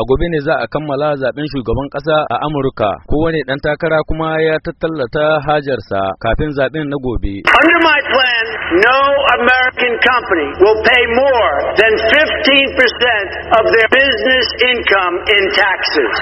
a gobe ne za a kammala zaben shugaban ƙasa a Amurka kowane ɗan takara kuma ya tattallata hajarsa kafin zaben na gobe. Under my plan, no American company will pay more than 15% of their business income in taxes.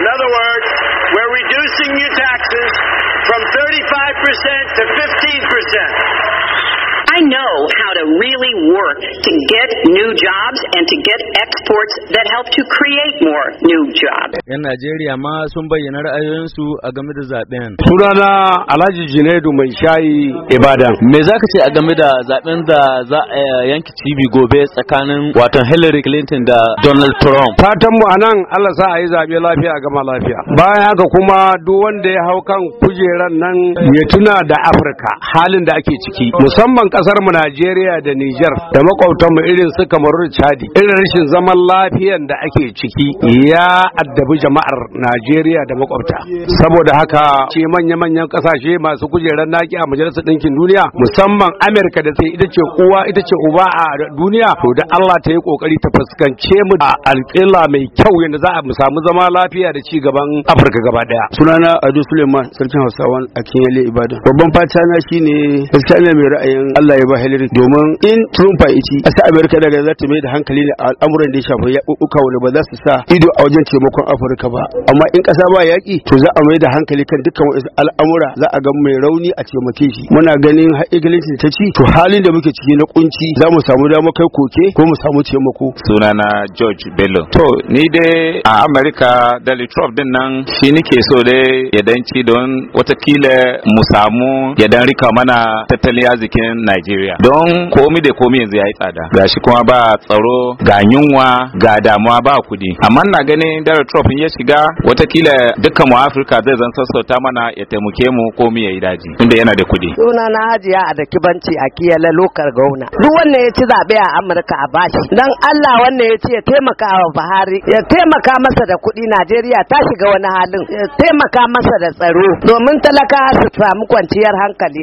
In other words, we're reducing your taxes from 35% to 15%. really work to get new jobs and to get exports that help to create more new jobs. 'Yan Najeriya ma sun bayyana ra'ayoyinsu a game da zaben. Sunana Alhaji Junaidu mai shayi Ibadan. Me za ka ce a game da zaben da za a eh, yanki TV gobe tsakanin watan Hillary Clinton da Donald Trump? Fatan mu anan Allah sa a yi zaɓe lafiya gama lafiya. Bayan haka kuma duk wanda ya hau kan kujeran nan ya tuna da Afirka halin da ake ciki musamman ƙasar mu Najeriya da Nijar da makwabtanmu irin su Kamaru da Chadi irin rashin zaman lafiyan da ake ciki ya addabi jama'ar Najeriya da makwabta saboda haka ce manya-manyan kasashe masu kujerar naki a majalisar ɗinkin duniya musamman Amerika da sai ita ce uwa ita ce uba a duniya to da Allah ta yi kokari ta fuskance mu da alƙila mai kyau yadda za a mu samu zama lafiya da ci gaban Afirka gaba daya sunana Ado Suleiman sarkin hausawa a Kinyale Ibadan babban fata na shine gaskiya mai ra'ayin Allah ya ba Hillary domin in Trump ya ci a Amerika daga za ta mai da hankali ne a al'amuran da ya shafi yaƙuƙuka wani ba za su sa ido a wajen taimakon Afirka ba amma in ƙasa ba yaƙi to za a mai da hankali kan dukkan wasu al'amura za a ga mai rauni a taimake shi muna ganin haƙiƙalinci ta ci to halin da muke ciki na kunci za mu samu damar kai koke ko mu samu taimako sunana George Bello to ni dai a Amerika da Trump din nan shi nike so dai ya ci don watakila mu samu ya dan rika mana tattalin arzikin Najeriya don ko komi da komi yanzu yayi tsada gashi kuma ba tsaro ga yunwa ga damuwa ba kudi amma na ganin dara in ya shiga watakila dukkan mu Afirka zai zan sassauta mana ya taimake mu komi yayi daji inda yana da kudi suna na Hajiya a da kibanci a kiyala lokar gauna duk wanda ya ci zabe a Amurka a bashi dan Allah wanda ya ci ya taimaka wa Buhari ya taimaka masa da kudi Najeriya ta shiga wani halin ya taimaka masa da tsaro domin talaka su samu kwanciyar hankali